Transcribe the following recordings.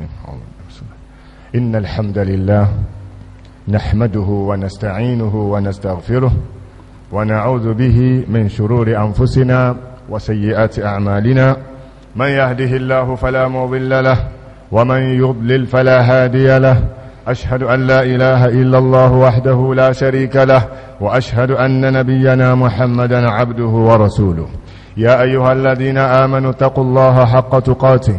الرحيم إن الحمد لله نحمده ونستعينه ونستغفره ونعوذ به من شرور أنفسنا وسيئات أعمالنا من يهده الله فلا مضل له ومن يضلل فلا هادي له أشهد أن لا إله إلا الله وحده لا شريك له وأشهد أن نبينا محمدا عبده ورسوله يا أيها الذين آمنوا اتقوا الله حق تقاته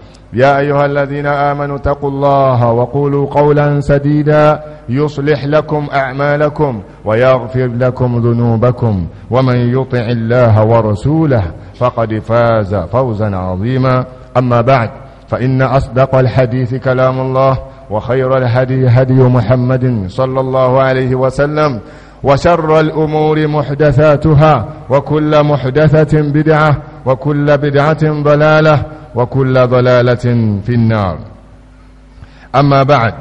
يا أيها الذين آمنوا اتقوا الله وقولوا قولا سديدا يصلح لكم أعمالكم ويغفر لكم ذنوبكم ومن يطع الله ورسوله فقد فاز فوزا عظيما أما بعد فإن أصدق الحديث كلام الله وخير الهدي هدي محمد صلى الله عليه وسلم وشر الأمور محدثاتها وكل محدثة بدعة وكل بدعة ضلالة وكل ضلالة في النار أما بعد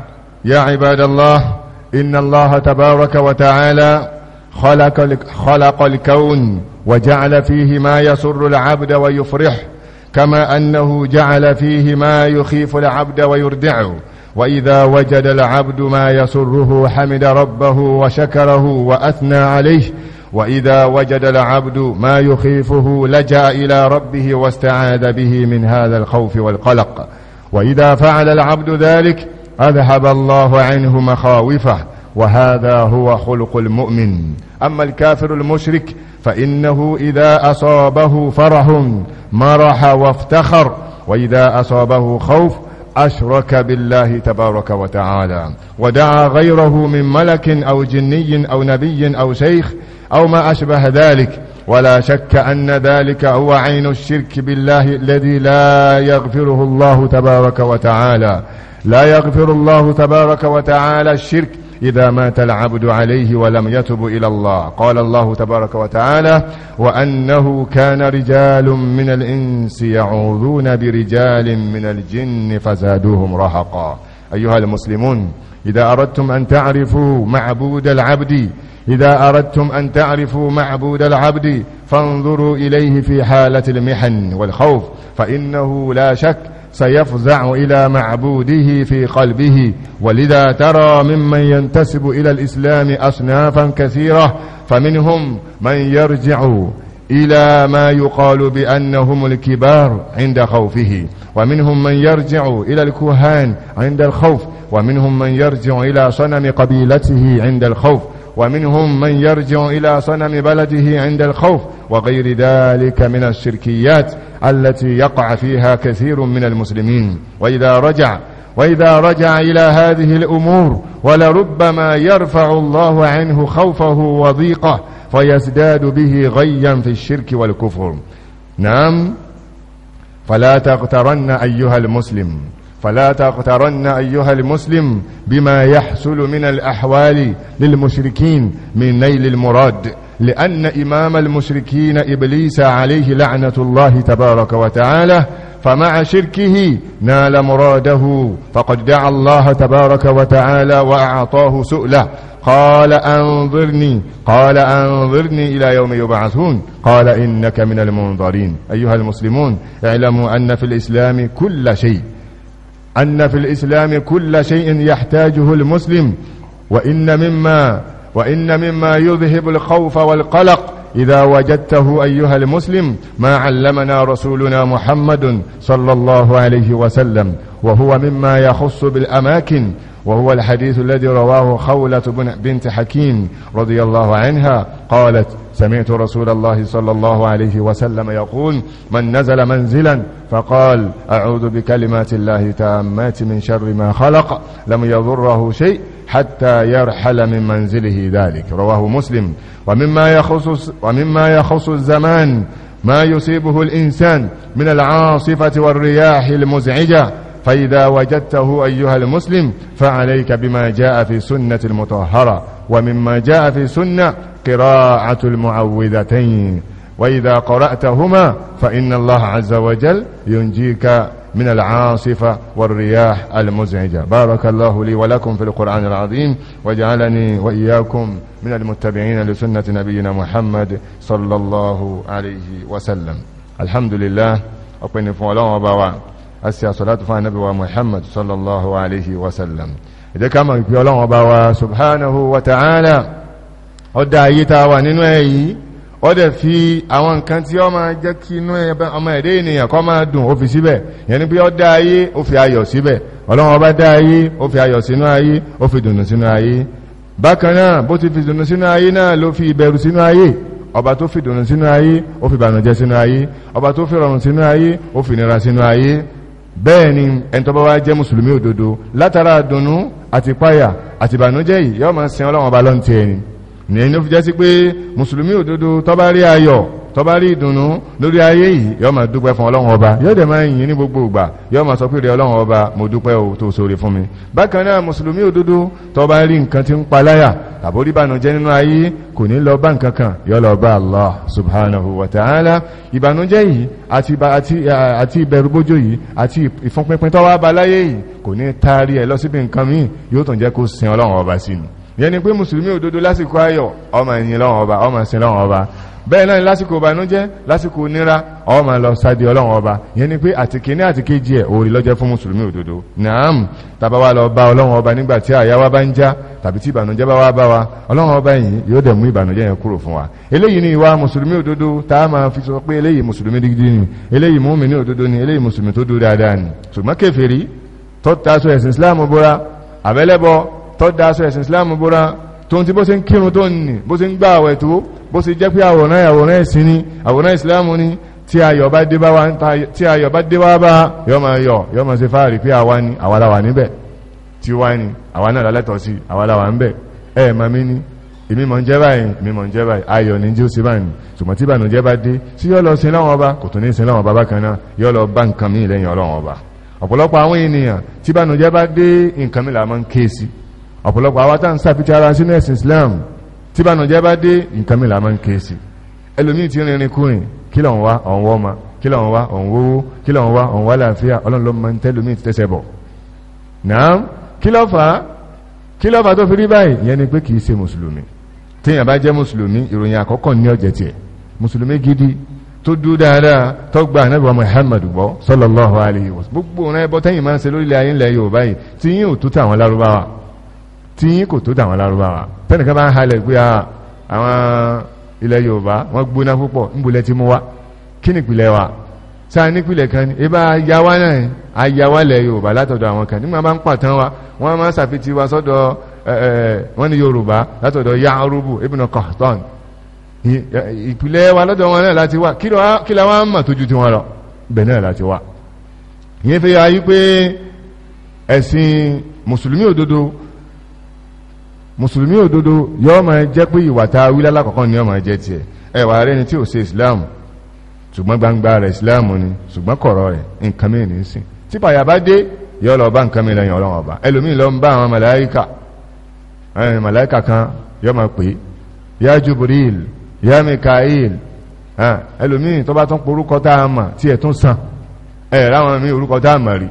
يا عباد الله إن الله تبارك وتعالى خلق, خلق الكون وجعل فيه ما يسر العبد ويفرح كما أنه جعل فيه ما يخيف العبد ويردعه وإذا وجد العبد ما يسره حمد ربه وشكره وأثنى عليه وإذا وجد العبد ما يخيفه لجأ إلى ربه واستعاذ به من هذا الخوف والقلق وإذا فعل العبد ذلك أذهب الله عنه مخاوفه وهذا هو خلق المؤمن أما الكافر المشرك فإنه إذا أصابه فرح مرح وافتخر وإذا أصابه خوف أشرك بالله تبارك وتعالى ودعا غيره من ملك أو جني أو نبي أو شيخ أو ما أشبه ذلك ولا شك أن ذلك هو عين الشرك بالله الذي لا يغفره الله تبارك وتعالى لا يغفر الله تبارك وتعالى الشرك إذا مات العبد عليه ولم يتب إلى الله قال الله تبارك وتعالى وأنه كان رجال من الإنس يعوذون برجال من الجن فزادوهم رهقا أيها المسلمون إذا أردتم أن تعرفوا معبود العبد إذا أردتم أن تعرفوا معبود العبد فانظروا إليه في حالة المحن والخوف فإنه لا شك سيفزع إلى معبوده في قلبه ولذا ترى ممن ينتسب إلى الإسلام أصنافا كثيرة فمنهم من يرجع إلى ما يقال بأنهم الكبار عند خوفه ومنهم من يرجع إلى الكهان عند الخوف ومنهم من يرجع إلى صنم قبيلته عند الخوف ومنهم من يرجع إلى صنم بلده عند الخوف وغير ذلك من الشركيات التي يقع فيها كثير من المسلمين وإذا رجع وإذا رجع إلى هذه الأمور ولربما يرفع الله عنه خوفه وضيقه فيزداد به غيا في الشرك والكفر نعم فلا تغترن أيها المسلم فلا تغترن أيها المسلم بما يحصل من الأحوال للمشركين من نيل المراد لأن إمام المشركين إبليس عليه لعنة الله تبارك وتعالى فمع شركه نال مراده فقد دعا الله تبارك وتعالى وأعطاه سؤله قال أنظرني قال أنظرني إلى يوم يبعثون قال إنك من المنظرين أيها المسلمون اعلموا أن في الإسلام كل شيء أن في الإسلام كل شيء يحتاجه المسلم وإن مما وإن مما يذهب الخوف والقلق إذا وجدته أيها المسلم ما علمنا رسولنا محمد صلى الله عليه وسلم وهو مما يخص بالأماكن وهو الحديث الذي رواه خولة بنت حكيم رضي الله عنها قالت سمعت رسول الله صلى الله عليه وسلم يقول من نزل منزلا فقال أعوذ بكلمات الله تامات من شر ما خلق لم يضره شيء حتى يرحل من منزله ذلك رواه مسلم ومما يخص, ومما يخص الزمان ما يصيبه الإنسان من العاصفة والرياح المزعجة فإذا وجدته أيها المسلم فعليك بما جاء في سنة المطهرة ومما جاء في سنة قراءة المعوذتين وإذا قرأتهما فإن الله عز وجل ينجيك من العاصفة والرياح المزعجة بارك الله لي ولكم في القرآن العظيم وجعلني وإياكم من المتبعين لسنة نبينا محمد صلى الله عليه وسلم الحمد لله أقول فولان وبوا أسيا صلاة فنبي محمد صلى الله عليه وسلم إذا كما يقول الله وبوا سبحانه وتعالى ọdá ayé ó fi àwọn nǹkan tí ó máa jẹ́ kí inú ọmọ ẹ̀dẹ́ ènìyàn kó máa dùn ó fi síbẹ̀ yẹn ni pé ó dá ayé ó fi ayọ̀ síbẹ̀ ọlọ́run ọba dá ayé ó fi ayọ̀ sínú ayé ó fi dùnú sínú ayé bákan náà bó ti fi dùnú sínú ayé náà ló fi ìbẹ̀rù sínú ayé ọba tó fi dùnú sínú ayé ó fi bànújẹ́ sínú ayé ọba tó fi rọrùn sínú ayé ó fi nira sínú ayé bẹ́ẹ̀ ni ẹni tó bá wá jẹ́ mùsùlùmí òdodo látara dùnú àti páyà àti bànújẹ́ yìí yó ní ẹni ó fi jẹ́ sí pé mùsùlùmí òdodo tó bá rí ayọ̀ tó bá rí ìdùnnú lórí ayé yìí yóò máa dúpẹ́ fún ọlọ́run ọba yóò dẹ̀ máa yìn ní gbogbo ìgbà yóò máa sọ pé rẹ ọlọ́run ọba mo dúpẹ́ o tó ṣoore fún mi bákan náà mùsùlùmí òdodo tó bá rí nǹkan tí ń pa láyà ìbànújẹ́ nínú ayé kò ní lọ bá nǹkan kan yóò lọ bá Allah subhanahu wa ta'ala ìbànújẹ́ yìí àti ìbẹ̀rùbójó yìí àti ìfúnpinpin tó wá bá láyé yìí kò ní taari ẹ̀ lọ síbi nǹkan míì yóò tàn jẹ́ kó sin ọlọ́run ọba sí yẹn ni pé mùsùlùmí òdodo lásìkò ayọ̀ ọmọ ẹ̀yìn lọ́wọ́n ọba ọmọ ẹ̀sìn lọ́wọ́n ọba bẹ́ẹ̀ náà lásìkò ìbànújẹ́ lásìkò nira ọmọ lọ sáde ọlọ́wọ́n ọba yẹn pé àti kìíní àti kejì ẹ̀ òòrì lọ́jẹ́ fún mùsùlùmí òdodo naam tàbá wa lọ bá ọlọ́wọ́n ọba nígbà tí àyà wa bá ń já tàbí tí ìbànújẹ́ bá wá bá wa ọlọ́wọ́n ọba yìí yóò dẹ̀ mú ìbànújẹ́ yẹn kúrò fún wa eléyìí ni ìwà mùsùlùmí òdodo tá a máa fi sọ pé eléyìí mùsùlùmí dígídí ni eléyìí mùmínì òdodo ni eléyìí mùsùlùmí tó dúró dáadáa ni ṣùgbọ́n kèfèrí tó taṣọ ẹ̀sìn islam bóra àbẹ́lẹ́bọ tó dáṣọ ẹ̀sìn islam búra tó ti bó ṣe ń kírun tó nì bó ṣe ń gbà àwẹ̀ tó bó ṣe jẹ́ pé àwòrán àwòrán ẹ̀sìn ni àwòrán islam ni tí ayọ̀ bá dé bá wá tí ayọ̀ bá dé wá bá yọ́ máa yọ̀ yọ́ máa ṣe fáàrí pé àwa ni àwa la wà níbẹ̀ tí wá ni àwa náà lálẹ́tọ̀ sí àwa la wà níbẹ̀ ẹ̀ mà mí ni èmi mọ̀ ń jẹ́ báyìí èmi mọ̀ ń jẹ́ báyìí ayọ̀ ní jí ó ṣe tí bá dé tí bá dé nǹkan mi là ń ké ọ̀pọ̀lọpọ̀ àwa tá ń sàfitì ara sínú ẹ̀sìn Islam tí bànújẹ́ bá dé nǹkan mi là máa ń ké sí ẹlòmíì ti rìnrìn kùnrin kí lọ́n wá ọ̀hún wọ́n ma kí lọ́n wá ọ̀hún wówó kí lọ́n wá ọ̀hún wá láàfíà ọlọ́run ló máa ń tẹ́lòmíì ti tẹ́sẹ̀ bọ̀ náà kí ló fà á kí ló fà á tó fi rí báyìí ìyẹn ni pé kì í ṣe mùsùlùmí téèyàn bá jẹ́ mùsùlùmí ìròyìn àkọ́kọ́ ní ọ̀jẹ̀ tiẹ̀ mùsùlùmí gidi tó dúró dáadáa tó gba anábìwá Muhammad gbọ́ sallallahu alayhi wa sallam gbogbo rẹ bọ́ tẹ́yìn máa ń ṣe lórílẹ̀ ayé ńlẹ̀ Yorùbá yìí tí yín ò tó tàwọn lárúbáwá tí yín kò tó dàwọn lárúbáwá tẹ́nìkan bá ń halẹ̀ pé ah, àwọn ilẹ̀ yorùbá wọ́n gbóná púpọ̀ níbulẹ̀ ti mú wa kí nìpìlẹ̀ wa sáà nípìlẹ̀ kan ní ibà yáwá náà ayáwálẹ̀ yorùbá látọ̀dọ̀ àwọn kan nígbà bá ń pàtàn wa wọ́n máa ń sàfitì wa sọ́dọ̀ wọ́n ní yorùbá látọ̀dọ̀ Ya'rubu ibn Qahtan ìpìlẹ̀ wa lọ́dọ̀ wọn náà láti wá kí la wá ń mà tójú tí wọ́n lọ bẹ̀ náà láti wá ìyẹn fi ayé pé ẹ̀sìn mùsùlùmí òdodo mùsùlùmí òdodo yóò máa jẹ́ pé ìwà tá a wí lálákọ̀ọ́kọ́ ni yóò máa jẹ́ tiẹ̀ ẹwà rẹ̀ ni tí ò ṣe islam ṣùgbọ́n gbangba rẹ̀ islam ni ṣùgbọ́n kọ̀rọ̀ rẹ̀ nǹkan mìíràn ní sìn tí bàyà bá dé yóò lọ bá nǹkan mìíràn ọlọ́run ọba ẹlòmíì lọ ń bá àwọn màláíkà màláíkà kan yóò máa pè yá jubril yá mikael ẹlòmíì tó bá tún porúkọ tá a mà tí ẹ̀ tún san ẹ̀ ráwọn mi orúkọ tá a mà rí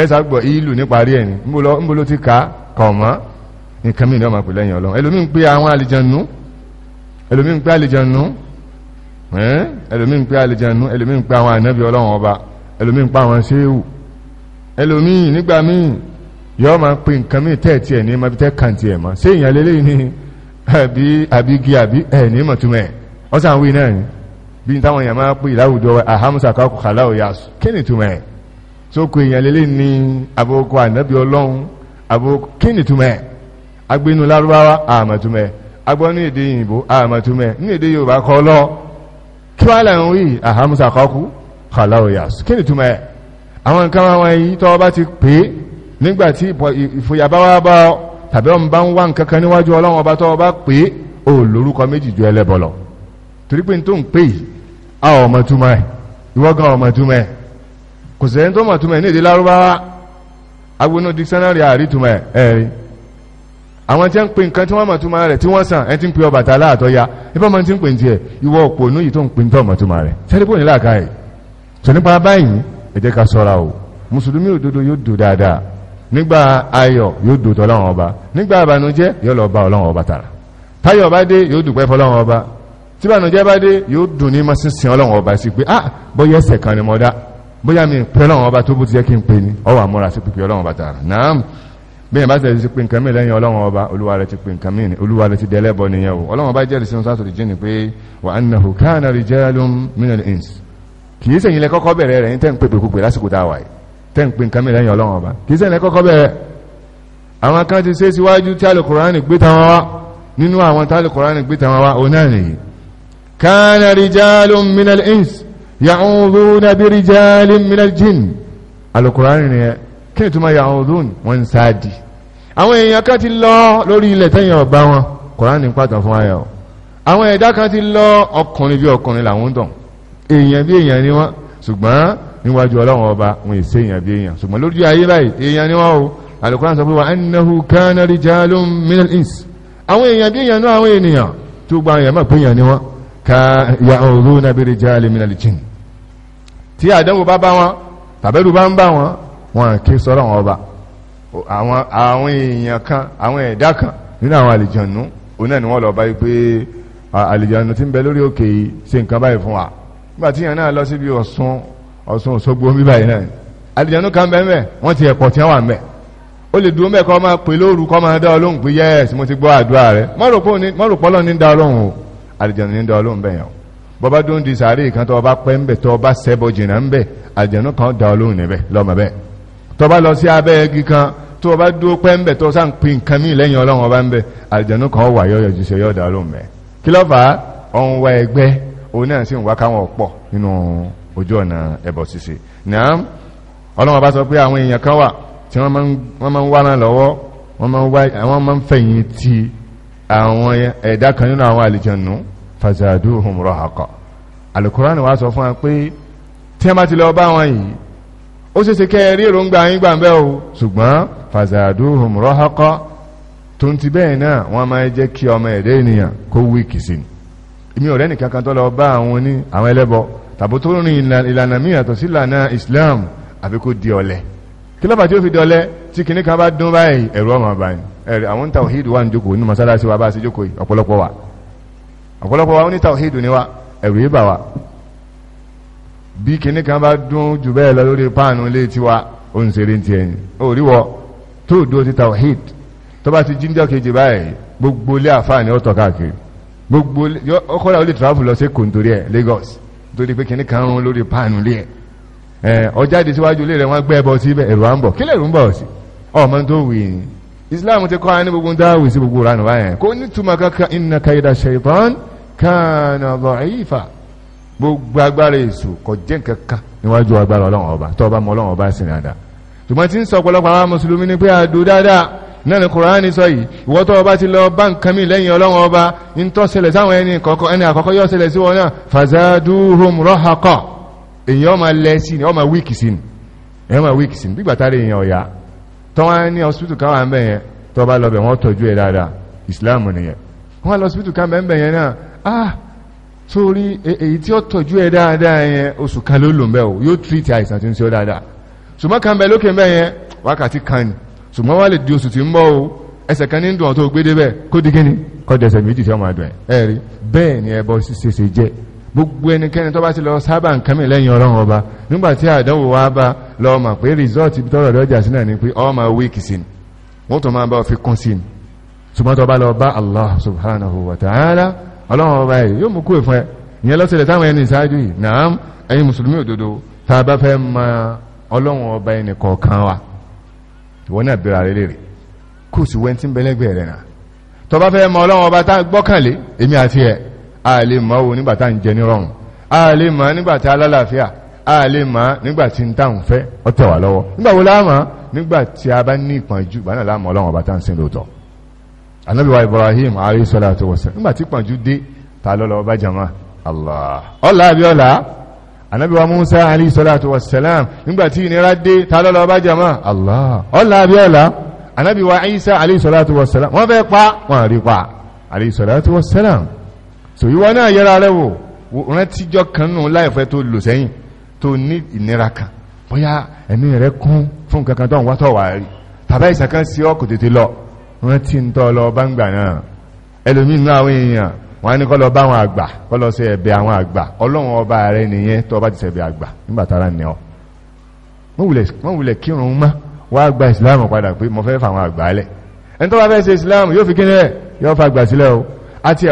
ẹ̀ sàgbọ̀ ìlú níparí ẹ̀ ni ń nǹkan mìíràn ọmọ pẹ̀lú ẹ̀yìn ọlọ́run ẹlòmí ń pè àwọn àlìjànú ẹlòmí ń pè àlìjànú ẹlòmí ń pè àlìjànú ẹlòmí ń pè àwọn ànábì ọlọ́run ọba ẹlòmí ń pè àwọn séwù ẹlòmí nígbà míì yọ́ máa pè nǹkan mìíràn tẹ́ẹ̀tì ẹ̀ ní ẹmọ bí tẹ́ẹ̀kàntì ẹ̀ mọ́ sí èèyàn lélẹ́ ní àbí àbígi àbí ẹ̀ ní mọ̀túnmọ̀ ẹ̀ ọ̀sán wí náà ni bí táwọn èèyàn máa pè láwùjọ àhámsà kákò kàláwò yà kí ni túmọ̀ ẹ̀ tó kò èèyàn lélẹ́ ní abókò ànábì ọlọ́run abókò kí ni túmọ̀ ẹ̀ agbénu lárúbáwá àmàtúmẹ̀ agbọ́ ní èdè yìnbó àmàtúmẹ̀ ní èdè yorùbá kọ́ lọ kí wá lẹ́rùn rí àhámúsà kọ́kú kàláòyàs kí ni túmẹ̀ àwọn nǹkan wọn yìí tọ́ bá ti pé nígbàtí ìfòyàbá wá bá tàbí ọmọ bá ń wá nǹkan kan níwájú ọlọ́run ọba tọ́ bá pé ó lórúkọ méjì ju ẹlẹ́bọ lọ torí pé tó ń pè á ọmọ túmọ̀ ẹ̀ kò sẹ́yìn tó mọ̀ ní èdè lárúbáwá agbóná dictionary àrítùmọ̀ ẹ̀ àwọn tí ń pè nǹkan tí wọ́n mọ̀ túnmọ̀ rẹ̀ tí wọ́n sàn ẹni tí ń pè Ọbàtálá àtọ́yá ibọ́n mọ̀ tí ń pè ní tiẹ̀ ìwọ òpó ní yìí tó ń pè ní tọ́mọ̀ túnmọ̀ rẹ̀ sẹ́dípò ní làákà yìí tó nípa báyìí ẹ jẹ́ ká sọ́ra o mùsùlùmí òdodo yóò dò dáadáa nígbà ayọ̀ yóò dò tọ́lọ́wọ́n ọba nígbà àbànújẹ́ yóò lọ bá ọlọ́wọ́n ọba tààrà táyọ̀ bá dé yóò dùpẹ́ fọlọ́wọ́n ọba tí bá dé yóò dùn ní mọ́sínsìn ọlọ́wọ́n ọba ah bóyá ẹsẹ̀ kan ni mi pẹ́ ọlọ́wọ́n ọba tó bó ti yẹ kí n pè ní ọwọ́ àmúra bẹ́ẹ̀ bá tẹ̀sí pé nǹkan mìíràn lẹ́yìn ọlọ́run ọba olúwa rẹ̀ ti pé nǹkan mìíràn olúwa rẹ̀ ti dẹlẹ́bọ nìyẹn o ọlọ́run ọba jẹ́rìí sínú sátọ̀ ìjìn ni pé wa annahu kana rijalun minal ins kì í sẹ́yìn lẹ kọ́kọ́ bẹ̀rẹ̀ rẹ̀ tẹ́ ń pè pèkúpè lásìkò tá a wà yìí tẹ́ ń pè nǹkan mìíràn lẹ́yìn ọlọ́run ọba kì í sẹ́yìn lẹ kọ́kọ́ bẹ̀rẹ̀ àwọn kan ti ṣe síwájú kí ni tó máa yà àwọn olóòní wọ́n ń sáàdì àwọn èèyàn kan ti lọ lórí ilẹ̀ tẹ́yìn ọ̀gbá wọn kọ̀ránì pàtàn fún ayọ̀ àwọn ẹ̀dá kan ti lọ ọkùnrin bí ọkùnrin làwọn tàn èèyàn bí èèyàn ni wọ́n ṣùgbọ́n níwájú ọlọ́run ọba wọn èsè èèyàn bí èèyàn ṣùgbọ́n lórí ayé báyìí èèyàn ni wọ́n o alukóran sọ pé wa annahu kana rijalun minal ins àwọn èèyàn bí èèyàn náà àwọn ènìyàn tó gba èèyàn mọ̀ ni wọ́n ka ya'uduna bi rijalin minal jinn tí àdánwò bá bá wọn tàbẹ́rù bá ń bá wọn wọn kí sọ́rọ̀ wọn ọba àwọn àwọn èèyàn kan àwọn ẹ̀dá kan nínú àwọn àlìjànú òun ni wọ́n lọ bá yí pé àlìjànú ti ń bẹ lórí òkè yìí ṣe nǹkan báyìí fún wa nígbà tí yẹn náà lọ síbi ọ̀ṣun ọ̀ṣun òṣogbo omi báyìí náà àlìjànú kan bẹ́ẹ̀ mẹ́ wọ́n ti ẹ̀pọ̀ tí wọ́n wà mẹ́ ó lè dúró mẹ́ẹ̀kọ́ máa pè lóru kọ́ máa dá ọlọ́run pé yẹ́ẹ̀sì mo ti gbọ́ àdúrà rẹ̀ mọ́rùpọ́lọ́ ní dá ọlọ́run o àlìjànú tó bá lọ sí abẹ́ igi kan tó o bá dúró pẹ́ ń bẹ̀ tó sáà ń pin nǹkan mí lẹ́yìn ọlọ́run ọba ń bẹ̀ àlìjẹ̀nú kan wà yọ̀yọ̀ jù sí yọ̀dà ló mẹ́ kí ló fà á ọ̀hún wa ẹgbẹ́ òun náà sì ń wá káwọn ọ̀pọ̀ nínú ojú ọ̀nà ẹbọ ṣíṣe náà ọlọ́run ọba sọ pé àwọn èèyàn kan wà tí wọ́n máa ń wá náà lọ́wọ́ wọ́n máa ń fẹ̀yìn ti àwọn ẹ̀dá kan nínú àwọn àlìjẹ̀nú fazaduhum rahaqa Al-Qur'an wá sọ fún wa pé tí wọ́n bá ti lọ bá wọn yìí ó sì ṣe kẹ́ rí èròǹgbà yín gbàǹbẹ́ o ṣùgbọ́n fàzàdúhùn rọ́hákọ́ tó ń ti bẹ́ẹ̀ náà wọ́n máa jẹ́ kí ọmọ ẹ̀dẹ́ ènìyàn kó wíkì sí ìmí ọ̀rẹ́ nìkan kan tó lọ bá àwọn ní àwọn ẹlẹ́bọ tàbí tó rìn ìlànà míì yàtọ̀ sí ìlànà Islam àfi kó di ọ̀lẹ kí lọ́ba tí ó fi di ọ̀lẹ tí kìnní kan bá dún báyìí ẹ̀rù ọmọ báyìí ẹ̀rù àwọn tàwíìdù wà ń jókòó nínú mọ́sálásí wa bá a sì jókòó ọ̀pọ̀lọpọ̀ wa ọ̀pọ̀lọpọ̀ wa ó ní tàwíìdù ni wa ẹ̀rù yìí bà wa bí kinní kan bá dún jù bẹ́ẹ̀ lọ lórí páànù ilé tiwa ó ń ṣeré tiẹ̀ ni òríwọ tó dúró ti tawhid tó bá ti jíjọ́ kejì báyìí gbogbo ilé àfáàní ọ̀tọ̀ káàkiri travel lọ sí kòntórí Lagos torí pé kinní kan rún lórí páànù ilé ẹ̀ ọjáde síwájú ilé rẹ̀ wọ́n gbẹ́ ẹbọ sí ẹ̀rù à ń bọ̀ kí Islam ti kọ́ ní gbogbo dáwì sí gbogbo ránù báyẹn kó nítumọ̀ kankan inna kaida shaitan kana dha'ifa gbogbo agbára èṣù kò jẹ́ nǹkan kan níwájú agbára ọlọ́run ọba tó ọba mọ ọlọ́run ọba sí dáadáa ṣùgbọ́n tí ń sọ ọ̀pọ̀lọpọ̀ àwọn mùsùlùmí ni pé àdó dáadáa náà ni kùránì sọ yìí ìwọ tó ọba ti lọ bá nǹkan mi lẹ́yìn ọlọ́run ọba ń tọ́ ṣẹlẹ̀ sáwọn ẹni àkọ́kọ́ yóò ṣẹlẹ̀ sí wọn náà fazaduhum rahaqa èyàn ọmọ lẹ sí ni ọmọ wíìkì sí ni èyàn ọmọ wíìkì sí ni gbígbà tá èyàn ọ̀yà tọ́wọ́n ní hospital kan wà ń bẹ̀ yẹn tó bá lọ bẹ̀ wọ́n tọ́jú ẹ̀ dáadáa ìsìláàmù nìyẹn wọ́n lọ hospital kan bẹ̀ ń bẹ̀ yẹn náà ah sórí e, èyí tí ó tọ́jú ẹ dáadáa yẹn oṣù kan ló lò ń bẹ́ o yóò tírìtì àìsàn tí ń ṣe ó dáadáa ṣùgbọ́n kan bẹ lókè mẹ́ yẹn wákàtí kan ni ṣùgbọ́n wá lè di oṣù tí ń bọ̀ o ẹsẹ̀ kan ní dùn tó gbé débẹ̀ kó di kíni kó dẹsẹ̀ méjì tí ó máa dùn ẹ rí bẹ́ẹ̀ ni ẹbọ ṣiṣẹ́ jẹ́ gbogbo ẹnikẹ́ni tó bá ti lọ sábà nǹkan mi lẹ́yìn ọlọ́run ọba nígbà tí àdánwò wa bá lọ mọ̀ pé rìsọ́ọ̀tì tọrọ lọ́jà sí náà ni pé ọmọ wíìkì sí ni wọ́n tó máa bá ọ fi kún sí ni ṣùgbọ́n tó bá lọ bá Allah subhanahu wa ta'ala ọlọ́run ọba yìí yóò mú kúrò fún ẹ ìyẹn lọ́sẹ̀lẹ̀ táwọn ẹni ìsáájú yìí náà ẹ̀yin mùsùlùmí òdodo tá a bá fẹ́ ma ọlọ́run ọba ẹni kọ̀ọ̀kan wa ìwọ náà bẹ̀rẹ̀ àrẹ lè rè kò sí wẹ́n tí ń bẹ́lẹ́gbẹ̀ẹ́ rẹ̀ náà tó bá fẹ́ ma ọlọ́run ọba tá a gbọ́kànlé èmi àti ẹ̀ a lè mọ̀ wo nígbà tá à ń jẹ nírọ̀rùn a lè mọ̀ nígbà tá a a lè mọ̀ nígbà tí ń tà ń fẹ́ ọ̀tẹ̀ lọ́wọ́ nígbà wo láàmà nígbà tí a bá ní ìpọ́njú bá náà láàmà ọlọ́run ọba tá à ń sìn lóòótọ́ anábíwá Ibrahim alayhi salatu wassalam nígbà tí pọ̀njú dé ta lọ́lọ́ ọba jama Allah ọlá àbí ọlá anábíwá Musa alayhi salatu wassalam nígbà tí ìnira dé ta lọ́lọ́ ọba jama Allah ọlá àbí ọlá anábíwá Isa alayhi salatu wassalam wọ́n fẹ́ pa wọ́n rí pa alayhi salatu wassalam so ìwọ náà yẹra rẹ wò rántíjọ́ kan nù láìfẹ́ tó lò sẹ́yìn tó ní ìnira kan bóyá ẹ̀mí rẹ kún fún kankan tó ń wá tọ̀ wá rí tàbá ìsàkán sí tètè lọ rántí ń tọ́ lọ bá ń gbà náà ẹlòmí inú àwọn èèyàn wọ́n ní kọ́ lọ bá àwọn àgbà kọ́ lọ sí ẹ̀bẹ̀ àwọn àgbà ọlọ́run ọba rẹ nìyẹn tó bá ti sẹ̀bẹ̀ àgbà nígbàtara ni ọ wọ́n wulẹ̀ kírun mọ́ wá gba ìsìláàmù padà pé mo fẹ́ fà àwọn àgbà lẹ̀ ẹni tó bá fẹ́ ṣe ìsìláàmù yóò fi kí ní ẹ̀ yóò fa àgbà sílẹ̀ o àti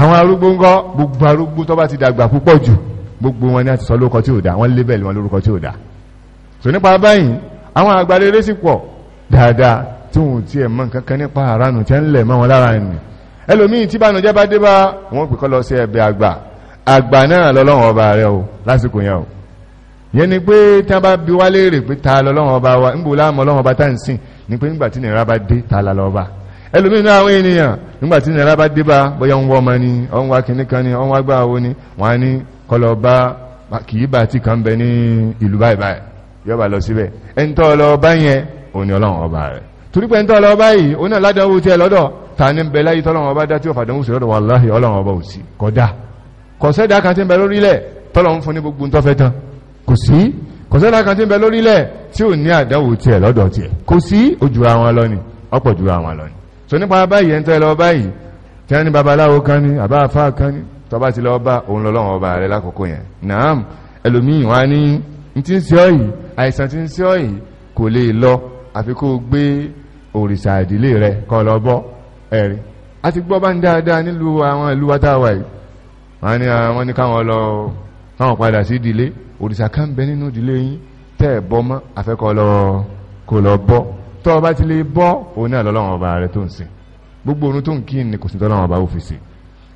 ẹ̀wà gbogbo arúgbó tó bá ti dàgbà púpọ̀ jù gbogbo wọn ni sọ lórúkọ tí ò dá wọn lébẹ̀lì wọn lórúkọ tí ò dá so nípa báyìí àwọn àgbàlérè sì pọ̀ dáadáa tí wọn ti ẹ̀ mọ nǹkan kan nípa àránù tẹ́ ń lẹ̀ mọ́ wọn lára ẹni ẹlòmíì tí bànújẹ́ bá dé bá wọn pè kọ́ lọ sí ẹ̀bẹ̀ àgbà àgbà náà lọ́lọ́run ọba rẹ o lásìkò yẹn o yẹn ni pé tí wọn bá bi wá léèrè pé ta lọ́lọ́run ọba wa ń bò láàmú ọlọ́run ọba tá à ń sìn ni pé nígbà tí nìyẹn ni ọ̀n wá kìnní kan ni ọ̀n wá gbà wo ni wọn á ní kọlọ̀ bá kì í bá ti kàn bẹ ní ìlú báyìí báyìí yọba lọ síbẹ̀ ẹ̀ńtọ́ lọ bá yẹn òní ọlọ́run ọba rẹ̀ torípé ẹ̀ńtọ́ lọ bá yìí òní aládánwò tí ẹ lọ́dọ̀ ta ní bẹ láyé tọ́lọ́run ọba dá tí ọ̀fàdánwò sí lọ́dọ̀ wàláhì ọlọ́run ọba ò sí kódà kọ̀sẹ́dà kan ti ń bẹ lórílẹ̀ tọ́lọ́run fún ní gbogbo ń tọ́fẹ́ tán kò sí kọ̀sẹ́dà kan ti ń bẹ lórílẹ̀ tí ò ní àdánwò tí ẹ lọ́dọ̀ tí ẹ kò sí ojú àwọn lọ ọ̀pọ̀ ju àwọn lọ so nípa báyìí ẹ̀ńtọ́ lọ báyìí tí wọ́n ní babaláwo kan ní àbá àfáà kan ní tọ́ba ti lọ bá òun lọ́lọ́run ọba rẹ̀ lákòókò yẹn naam ẹlòmíì wọ́n á ní tí ń ṣe ọ́ yìí àìsàn tí ń ṣe ọ́ yìí kò lè lọ àfi kó gbé òrìṣà ìdílé rẹ̀ kọ́ lọ bọ́ ẹ̀rí a ti gbọ́ bá ń dáadáa nílùú àwọn ìlú wátàwà yìí wọ́n ní àwọn ah, ní káwọn lọ káwọn padà sí ìdílé òrìṣà kan bẹ nínú ìdílé yín tẹ́ ẹ̀ bọ́ mọ́ àfẹ́kọ́ lọ kò lọ bọ́ tọ́ ọba ti lè bọ́ òun náà lọ́lọ́wọ́n ọba rẹ̀ tó ń sìn gbogbo orun tó ń kí ni kò sí tọ́lọ́wọ́n ọba òfìsì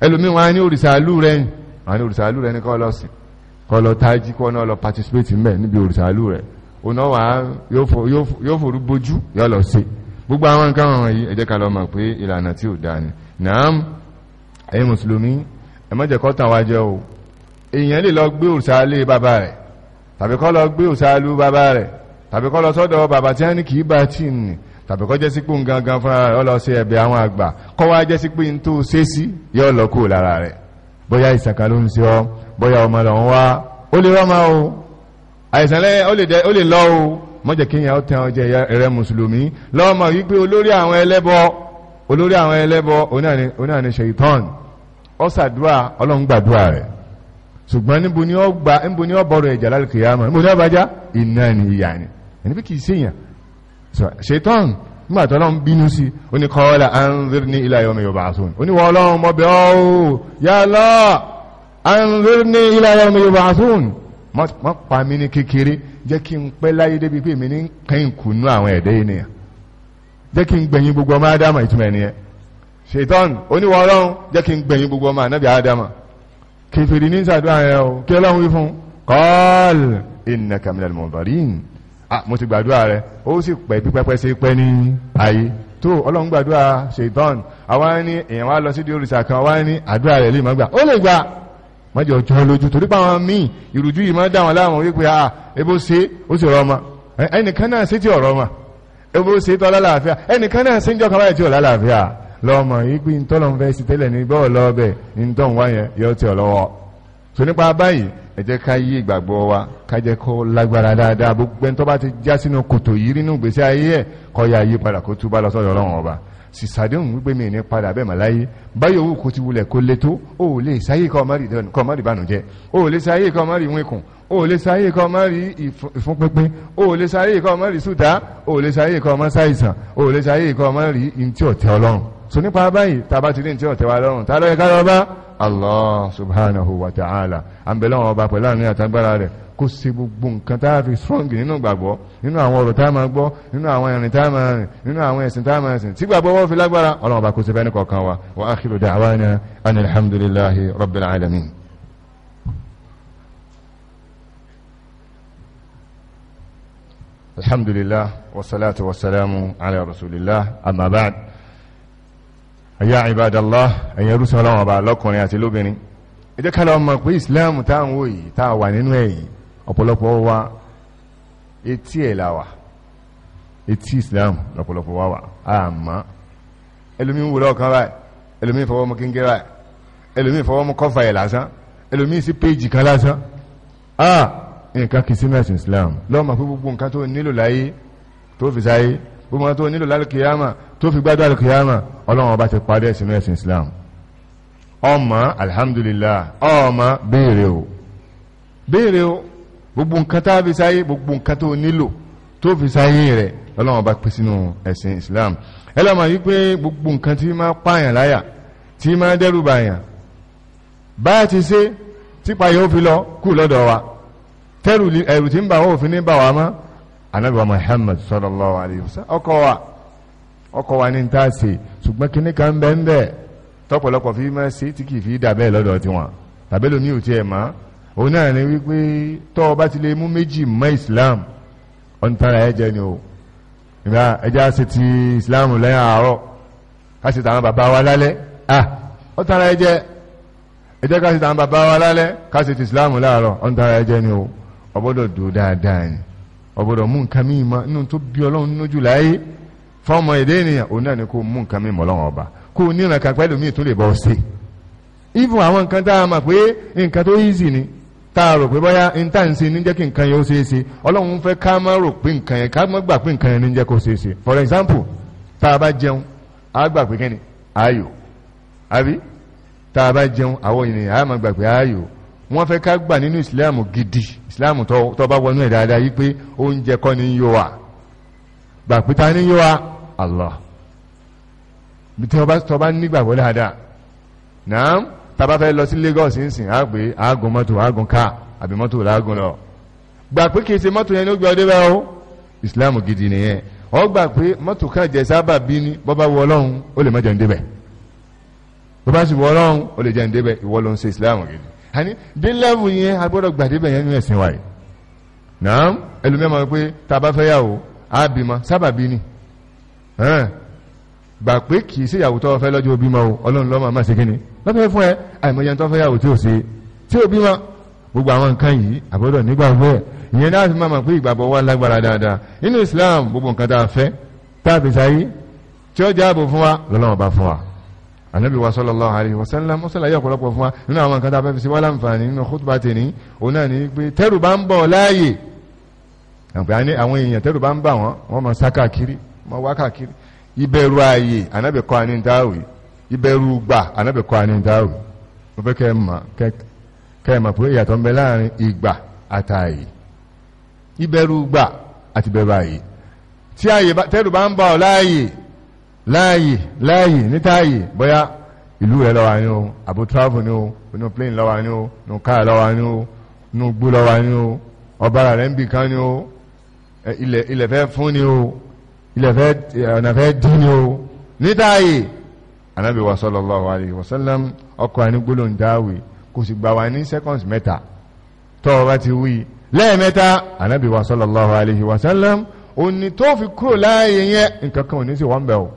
ẹlòmíràn á ní òrìṣà alú rẹ̀ yìí wọn á ní òrìṣà alú rẹ̀ ní kọ́ lọ́sìn kọlọ tají kọ́ náà lọ participate mẹ́ níbi òrìṣàlú rẹ̀ òun náà yóò forú bójú yóò lọ sí gbogbo àwọn nǹkan wọn yìí ẹ jẹ́ ká pé ìlànà tí ò dáa ni naam ẹ̀yin mùsùlùmí ẹ má jẹ́ kó tàn wá jẹ o èèyàn lè lọ gbé òrìṣàlé bàbá rẹ̀ tàbí kó lọ gbé òrìṣàlú bàbá rẹ̀ tàbí kó lọ sọ́dọ̀ bàbá tí wọ́n ní kì í bá tì ní tàbí kó jẹ́ sí pé ń gangan fúnra rẹ̀ ó lọ sí ẹ̀bẹ̀ àwọn àgbà kó wá jẹ́ sí pé ń tó ṣe sí yóò lọ kúrò lára rẹ̀ bóyá ìsànkà ló ń sí ọ bóyá ọmọ lọ ń wá ó lè rọ́mà o àìsàn lẹ́yìn ó lè lọ o mọ́jẹ̀ kí ìyàwó tẹ́ ọjẹ́ ẹ̀rẹ́ mùsùlùmí lọ́mọ wípé olórí àwọn ẹlẹ́bọ olórí àwọn ẹlẹ́bọ onáà ni ṣèitán ó sàdúrà ọlọ́run gbàdúrà rẹ̀ ṣùgbọ́n níbo ni ó gba níbo ni ó bọ̀rọ̀ ẹ̀jà lálùkìyàmọ̀ níbo ni ó bàjá iná ni ẹni pé kì í ṣèyàn ṣèitán nígbàtí ọlọ́run bínú sí oníkọ́ọ́lá anzir ní ilá yọmọ yọba àtún oníwọ̀ ọlọ́run mọ́bẹ̀ ọ́wọ́ yálà anzir ní ilá yọmọ yọba àtún mọ́ pa mí ní kékeré jẹ́ kí n pẹ́ láyé débi pé mi ní kẹ́yìn kùnú àwọn ẹ̀dẹ́ ènìyàn jẹ́ kí n gbẹ̀yìn gbogbo ọmọ ádámà ìtumọ̀ ẹ̀nìyẹn ṣètọ́n oníwọ̀ ọlọ́run jẹ́ kí n gbẹ̀yìn gbogbo ọmọ Ah, mo ti gbàdúrà rẹ̀ ó sì pẹ̀ pípẹ́pẹ́ sí pẹ́ ní ayé tó ọlọ́run gbàdúrà ṣètọ́n àwọn ní èèyàn wá lọ sí di òrìṣà kan wá ní àdúrà rẹ̀ lè má gbà ó lè gbà mọ́jọ ọjọ́ lójú torí pa àwọn míì ìrújú yìí máa ń dá wọn láwọn wípé a ah, ebó ṣe ó sì rọmọ ẹnìkan náà ṣe tí ọ̀rọ̀ mà ebó ṣe tọ́ lálàáfíà ẹnìkan náà ṣe ń jọ kàwáyé tí ò lálàáfíà lọ́mọ yìí pé ń sí tẹ́lẹ̀ ní bọ́ọ̀ lọ́ọ̀bẹ̀ ní tọ́ ń yọ ti ọ̀lọ́wọ́ so nípa báyìí ẹ jẹ́ ká yí ìgbàgbọ́ wa ká jẹ́ kó lágbára dáadáa gbogbo ẹni tó bá ti já sínú kòtò yìí nínú ìgbésí ayé ẹ̀ kó yá yí padà kó túbá lọ sọ́dọ̀ Ọlọ́run ọba sísàdéhùn wípé mi ní padà bẹ́ẹ̀ mà láyé báyìí owó kò ti wulẹ̀ kó lé tó ó lè sáyé kọ́ ọmọ rí ìbànújẹ́ ó lè sáyé kọ́ ọmọ rí wínkùn ó lè sáyé kọ́ ọmọ rí ìfúnpínpín ó lè sáyé kọ́ ọmọ rí sùtá ó lè sáyé kọ́ ọmọ sáìsàn ó lè sáyé kọ́ ọmọ rí intí ọ̀tẹ́ Ọlọ́run so nípa báyìí tàbá ti ní tí ọ̀tẹ̀ wa lọ́rùn tàbí ẹ̀ká lọ́ba allah subhanahu wa ta'ala àbẹ̀lọ́wọ̀n ọba pẹ̀lú àníyàn àtàgbára rẹ̀ kó ṣe gbogbo nǹkan tá fi strong nínú gbàgbọ́ nínú àwọn ọ̀rọ̀ tá gbọ́ nínú àwọn ìrìn tá rìn nínú àwọn ẹ̀sìn tá a tí gbàgbọ́ wọ́n fi lágbára ọlọ́run ọba kó ṣe fẹ́ni kọ̀ọ̀kan wa wa akhiru da'wana ayá ìbádàlá ẹ̀yẹn rúsọ ọlọ́run ọba lọ́kùnrin àti lóbìnrin ẹ jẹ́ ká lọ mọ̀ pé islam táwọn òyì tá a wà nínú ẹ̀yìn ọ̀pọ̀lọpọ̀ wa etí ẹ̀ là wà etí islam lọ́pọ̀lọpọ̀ wa wà àmọ́ ẹlòmí ń wúlọ́ kan báyìí ẹlòmí fọwọ́ mú kíngé báyìí ẹlòmí fọwọ́ mú gbogbo wọn tó nílò lálùkìyàmà tó fi gbádùn àlùkìyàmà ọlọ́run ọba ti parí ẹ̀sìn ní ẹ̀sìn islam ọmọ alhamdulillah ọmọ béèrè o béèrè o gbogbo nǹkan tá a fi sáyé gbogbo nǹkan tó nílò tó fi sáyé rẹ̀ ọlọ́run ọba pè sínú ẹ̀sìn islam ẹ lọ́mọ yìí pé gbogbo nǹkan tí máa pààyàn láyà tí máa dẹ́rù bàyàn báyà ti ṣe típa yóò fi lọ kú lọ́dọ̀ wa tẹ́rù ẹ̀rù tí ń bà wọ́n òfin anabi wa muhammad sallallahu alayhi wa sallam ọkọ wa ọkọ wa ní n ta ṣe ṣùgbọ́n kíní kan bẹ́ẹ̀ ń bẹ́ẹ̀ tọ́pọ̀lọpọ̀ fi máa ṣe tí kì í fi dà bẹ́ẹ̀ lọ́dọ̀ tiwọn tàbí lóní ò tiẹ̀ mọ́ òun náà ni wípé tọ́ ọ ti lè mú méjì mọ́ islam ọ̀n tara ẹ jẹ ni o ìgbà ẹja ṣe ti islam lẹ́yìn àárọ̀ ká ṣe tàwọn bàbá wa lálẹ́ ah ọ̀n tara ẹ jẹ ẹjẹ́ ká ṣe tàwọn bàbá wa lálẹ́ ká ṣe ti islam láàárọ̀ ọ̀n tara ẹ jẹ ni o ọgbọ́dọ̀ dúró dáadáa ni ọ̀bọ̀dọ̀ mú nǹkan mí mọ́ inú tó bí ọlọ́run nínú jù láyé fọ́mọ èdè ènìyàn òun náà ni kó mú nǹkan mí mọ́ ọlọ́run ọba kó níran kan pẹ́lú míì tó lè bọ́ sí even àwọn nǹkan tá a mọ̀ pé nǹkan tó easy ni tá a rò pé bóyá n tá n ṣe ní jẹ́ kí nǹkan yẹn ó ṣeé ṣe ọlọ́run fẹ́ ká má rò pé nǹkan yẹn ká má gbà pé nǹkan yẹn ní jẹ́ kó ṣeé ṣe for example tá a bá jẹun a gbà pé kẹ́ni ayò àbí tá a bá jẹun àwọn ènìyàn a máa gbà pé ayò wọ́n fẹ́ ká gbà nínú ìsìláàmù gidi ìsìláàmù tó bá wọnú ẹ̀ dáadáa yí pé oúnjẹ kọ́ ni yóò wà gbà pé ta ni yóò wà Allah bí tí wọ́n bá nígbàgbọ́ dáadáa náà tàbá fẹ́ lọ sí Lagos nsìn á pé aago mọ́tò aago ká àbí mọ́tò láago lọ gbà pé kìí ṣe mọ́tò yẹn ló gbé ọdẹ bá o gidi nìyẹn ọ gbà pé mọ́tò ká jẹ sábà bí ní bọ́bá wọ ọlọ́run ó lè má jẹun débẹ̀ bọ́bá sì wọ ọlọ́run ó lè jẹun débẹ̀ ìwọ ló ń ṣe ìsìláàmù gidi àní dé lẹ́wù yẹn agbọ́dọ̀ gbàdébẹ̀ yẹn ní ẹ̀sìn wáyé náà ẹlòmíọ́mọ́ pé tàbá fẹ́yàwó àbímọ sábàbí ni gbà pé kì í ṣèyàwó tó fẹ́ lọ́jọ́ bímọ o ọlọ́run lọ́mọ má ṣe kíni lọ́fẹ́ fún ẹ àìmọye tó fẹ́yàwó tí ò ṣe tí ò bímọ gbogbo àwọn nǹkan yìí àgbọ́dọ̀ nígbàgbọ́ ẹ̀ ìyẹn láti máa mọ̀ pé ìgbàgbọ́ wà lágbára dáadáa nínú Islam gbogbo nǹkan tá a fẹ́ tá a fi sáyé tí ó jáàbò fún wa lọ́lọ́run bá fún wa anabi wa sallallahu alayhi wa sallam ó sàlàyé ọ̀pọ̀lọpọ̀ fún wa nínú àwọn nǹkan tá a fẹ́ fi sí wa láǹfààní nínú khutba tèní òun náà ní pé tẹ́rù bá ń bọ̀ láàyè àgbà ní àwọn èèyàn tẹ́rù bá ń bà wọ́n wọ́n máa sá káàkiri máa wá káàkiri ìbẹ̀rù ààyè anabi kọ́ ani dáwì ìbẹ̀rù gbà anabi kọ́ ani dáwì mo fẹ́ kẹ́ ẹ mọ̀ kẹ́ ẹ mọ̀ pé ìyàtọ̀ ń bẹ láàrin ìgbà àtààyè ìbẹ̀rù láàyè láàyè nítààyè bóyá ìlú rẹ̀ lọ́wà ní o àbò travel ní o inú plane lọ́wà ní o inú car lọ́wà ní o inú gbó lọ́wà ní o ọba rẹ̀ ń bì kan ní o ilẹ̀ fẹ́ fún ní o ilẹ̀ fẹ́ ọ̀nà fẹ́ dín ní o nítààyè anábì wa sallallahu alayhi wa sallam ọkọ̀ àní gbólóhùn dáwì kò sì gbà wá ní seconds mẹ́ta tọ́ ọba ti wí lẹ́ẹ̀mẹ́ta anábì wa sallallahu alayhi wa sallam òní tó fi kúrò láàyè yẹn nǹkan kan ò ní sí wọ́n bẹ̀ o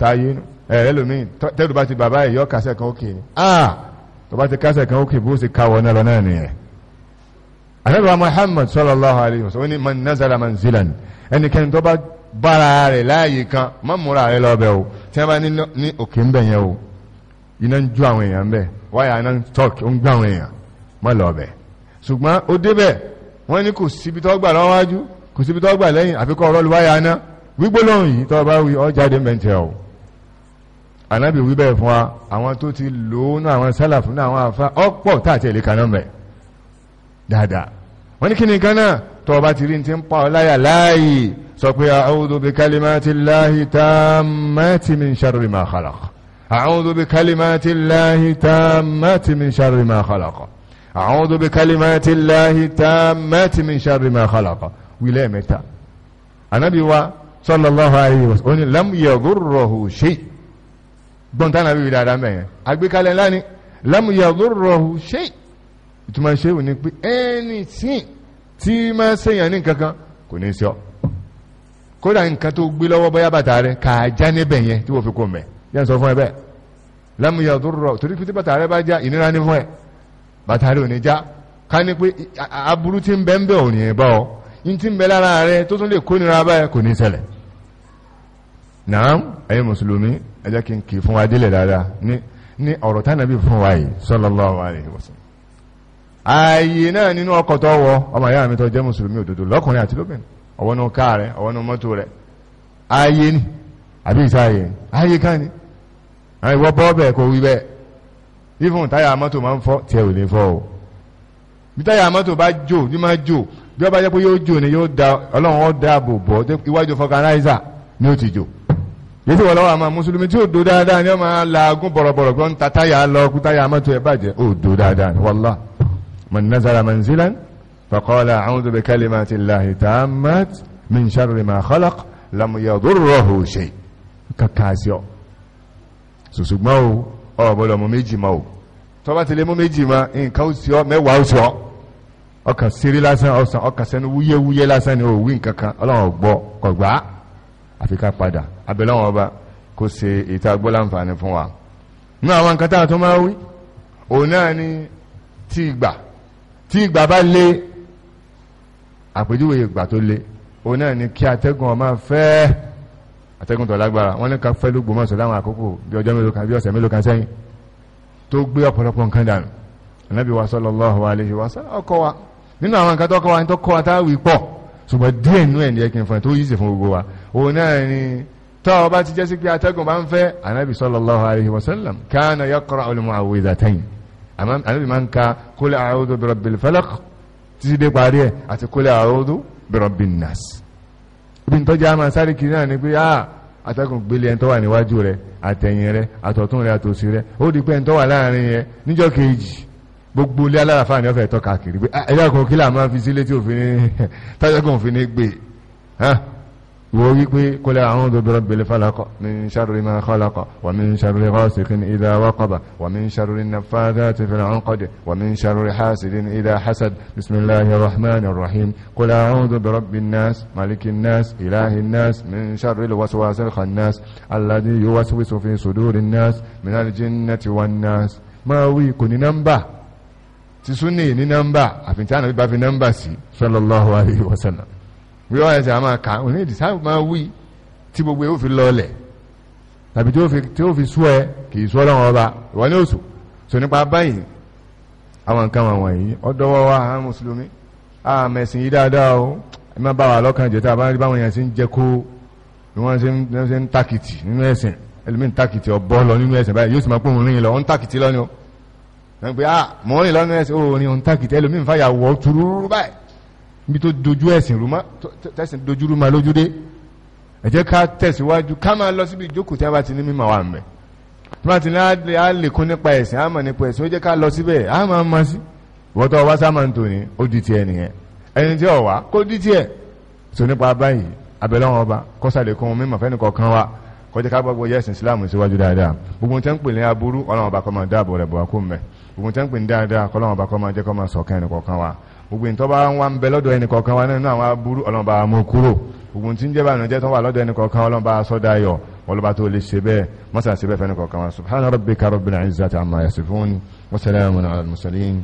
táyé ẹ̀rẹ́ lómi tẹ́lú bá ti bàbá ẹ̀ yọ kásẹ̀ kan òkè ni ah tó bá ti kásẹ̀ kan òkè bó ṣe káwọ náà lọ náà nìyẹn anábìwá Muhammad sallallahu alayhi wa sallam ní man nazala manzilan ẹnikẹ́ni tó bá bára rẹ̀ láàyè kan má múra rẹ̀ lọ́bẹ̀ o tí wọ́n bá ní òkè ń bẹ̀ yẹn o iná ń ju àwọn èèyàn bẹ̀ wáyà iná ń tọ́k ń gbà àwọn èèyàn má lọ́bẹ̀ ṣùgbọ́n ó débẹ̀ wọ́n ní kò síbi tó gbà lọ́wájú kò síbi tó gbà lẹ́yìn àfikọ́ ọ̀rọ̀ lu wígbólóhùn yìí tó bá wí ọ jáde mẹ́ntẹ́ o anábì wíbẹ̀ fún wa àwọn tó ti lòó náà àwọn sálàfù náà àwọn àfá ọ̀pọ̀ tààtì èlé kanáà mẹ́ dáadáa wọ́n ní kí ni kanáà tó bá ti rí ti ń pa ọláyà láàyè sọ pé a'udhu bi kalimati llahi tammati min sharri ma khalaq a'udhu bi kalimati llahi tammati min sharri ma khalaq a'udhu bi kalimati llahi tammati min sharri ma khalaq wílẹ̀ mẹ́ta anábì wa sallallahu gbọ́ntánà bíbi dáadáa mẹ́yẹn àgbékalẹ̀ ńlá ni lámúyà lóró ṣe ìtumọ̀ ṣe wù ní pé ẹni tí tí máa ṣèyàn ní nǹkan kan kò ní sọ kódà nǹkan tó gbé lọ́wọ́ bóyá bàtà rẹ kà á já níbẹ̀ yẹn tí wọ́n fi kó mẹ́ yẹn sọ fún ẹ bẹ́ẹ̀ lámúyà lóró torí pé tí bàtà rẹ bá já ìnira ní fún ẹ bàtà rẹ ò ní já ká ní pé aburú tí ń bẹ ń bẹ ò ní bá ọ ní tí ń bẹ lára rẹ tó tún lè kó nira báyẹ kò ní ṣẹlẹ̀ naam ẹ̀yin mùsùlùmí ẹ jẹ́ kí n kì í fún wa délẹ̀ dáadáa ní ní ọ̀rọ̀ tá nàbí fún wa yìí sallallahu alaihi wasallam ààyè náà nínú ọkọ̀ tó wọ ọmọ ìyá mi tó jẹ́ mùsùlùmí òdodo lọ́kùnrin àti lóbìnrin ọwọ́ nù káà rẹ̀ ọwọ́ nù mọ́tò rẹ̀ ààyè ni àbí ìsá ààyè ni ààyè ká ni àwọn ìwọ bọ́ọ̀bẹ̀ kò wí bẹ́ẹ̀ ifun táyà mọ́tò máa ń fọ́ tí ẹ ò lè fọ́ o bí táyà mọ́tò bá jò bí máa jò bí ó bá jẹ́ pé yóò jò ni yóò da ọlọ́run ó dáàbò bọ́ iwájú fọkanáísà ni ó ti jò yíṣẹ́ wọ́n lọ́wọ́ àmọ́ mùsùlùmí tí ó do dáadáa ni ó máa làágùn bọ̀rọ̀bọ̀rọ̀ pé ó ń ta táyà lọ kú táyà mọ́tò ẹ̀ bàjẹ́ ó do dáadáa ni wọ́lá man nazara manzilan faqala a'udhu bi kalimati llahi tammati min sharri ma khalaq lam yadurruhu shay' kankan sí ọ ṣùṣùgbọ́n o ọ̀bọ̀lọ̀ mú méjì ma o tó bá ti lè mú méjì ma ọ mẹ́wàá ó sì àfi ká padà abẹ́lẹ́wọ̀n ọba kó ṣe ìta gbọ́láǹfààní fún wa ní àwọn nǹkan táà tó máa wí òun náà ni tí ìgbà tí ìgbà bá lé àpèjúwe ìgbà tó lé òun náà ni kí atẹ́gùn ó máa fẹ́ atẹ́gùn tó lágbára wọ́n ní ká fẹ́ ló gbòmọ̀sọ̀ láwọn àkókò bí ọjọ́ mélòó kan bí ọ̀sẹ̀ mélòó kan sẹ́yìn tó gbé ọ̀pọ̀lọpọ̀ nǹkan dànù Ànábì wa sallallahu alaihi wa sallam ọkọ wa nínú àwọn nǹkan tó kọ́ wa tó kọ́ wa táwì pọ̀ ṣùgbọ́n díẹ̀ nú ẹ̀ ní ẹkin fún ẹ tó yíṣe fún gbogbo wa òun náà ni tọ́ ọba ti jẹ́ sí pé atẹ́gùn bá ń fẹ́ anábì sallallahu alayhi wa sallam kana yaqra'u al-mu'awwidhatayn anábì máa ń ka qul a'udhu bi rabbil falaq títí dé parí ẹ̀ àti qul a'udhu bi rabbin nas ibi ń tọ́jú àmà sáré kiri náà ni pé ah atẹ́gùn gbélé ẹni tó wà níwájú rẹ àtẹ̀yìn rẹ àtọ̀tún rẹ àtòsí rẹ ó di pé ẹni tó wo wípé kólé a'udhu bi rabbil falaq min sharri ma khalaq wa min sharri ghasiqin idha waqaba wa min sharri naffathati fil 'uqad wa min sharri hasidin idha hasad bismillahir rahmanir rahim kólé a'udhu bi rabbin nas malikin nas ilahin nas min sharril waswasil khannas alladhi yuwaswisu fi sudurin nas minal jinnati wan nas máa wí kò ní nọ́mbà ti súnì ní nọ́mbà àfihàn tí a nàbí bá fi nọ́mbà sí sallallahu alayhi wa sallam wíwá ẹsẹ̀ àmà kà òní ìdìsá máa wí tí gbogbo yóò fi lọlẹ̀ tàbí tí ó fi sú ẹ kì í sú ọlọ́run ọba ìwọ ní òsù sọ nípa báyìí àwọn nǹkan wọ̀nyí ọdọ́wọ́ wa àwọn mùsùlùmí àmẹ̀sìn yìí dáadáa o ẹ má bá wa lọ́kàn jẹ́ tá a bá rí báwọn èèyàn ṣe ń jẹ kó ni wọ́n ṣe ń tàkìtì nínú ẹ̀sìn ẹlòmí ń tàkìtì ọ̀bọ lọ nínú ẹ̀sìn báyìí yóò sì máa pòun rìn lọ ń tàkìtì lọ ni o pé ah mò ń rìn lọ nínú ẹ̀sìn ń tàkìtì ẹlòmí ń fàyà wọ́ báyìí bí tó dojú ẹ̀sìn rúmá tẹ́sìn dojú rúmá lójúdé ẹ jẹ́ ká tẹ̀síwájú ká máa lọ síbi ìjókòó tí a bá ti ní mímọ̀ wà mẹ́ tí wọ́n ti ní a lè kún nípa ẹ̀sìn a mọ̀ nípa ẹ̀sìn ó jẹ́ ká lọ síbẹ̀ a máa mọ sí wọ́tọ̀ ọba sáma ń tòní ó di tiẹ̀ nìyẹn ẹni tí ọ̀wá kó di tiẹ̀ sọ nípa báyìí abẹ́lẹ́wọ̀n ọba kọ́sàlẹ̀kùn mímọ̀ fẹ́ni kọ̀ọ̀kan wa kọjá ká gbogbo yẹ́sìn Islam síwájú dáadáa gbogbo tẹ́ ń pè ní aburú ọlọ́run ọba kọ́ máa dáàbò rẹ̀ bọ̀ wá kó mẹ́ gbogbo tẹ́ ń pè ní dáadáa kọ́lọ́run ọba kọ́ máa jẹ́ kọ́ máa sọ̀kẹ́ ẹnì kọ̀ọ̀kan wa gbogbo ìtọ́ bá ń wá ń bẹ lọ́dọ̀ ẹnì kọ̀ọ̀kan wa nínú àwọn aburú ọlọ́mọba mú kúrò gbogbo tí ń jẹ́ bànújẹ́ tó wà lọ́dọ̀ ẹnì kọ̀ọ̀kan ọlọ́mọba sọ́dá ọlọ́ba tó lè ṣe bẹ́ẹ̀ mọ́sàsì bẹ́ẹ̀ fẹ́ni kọ̀ọ̀kan wa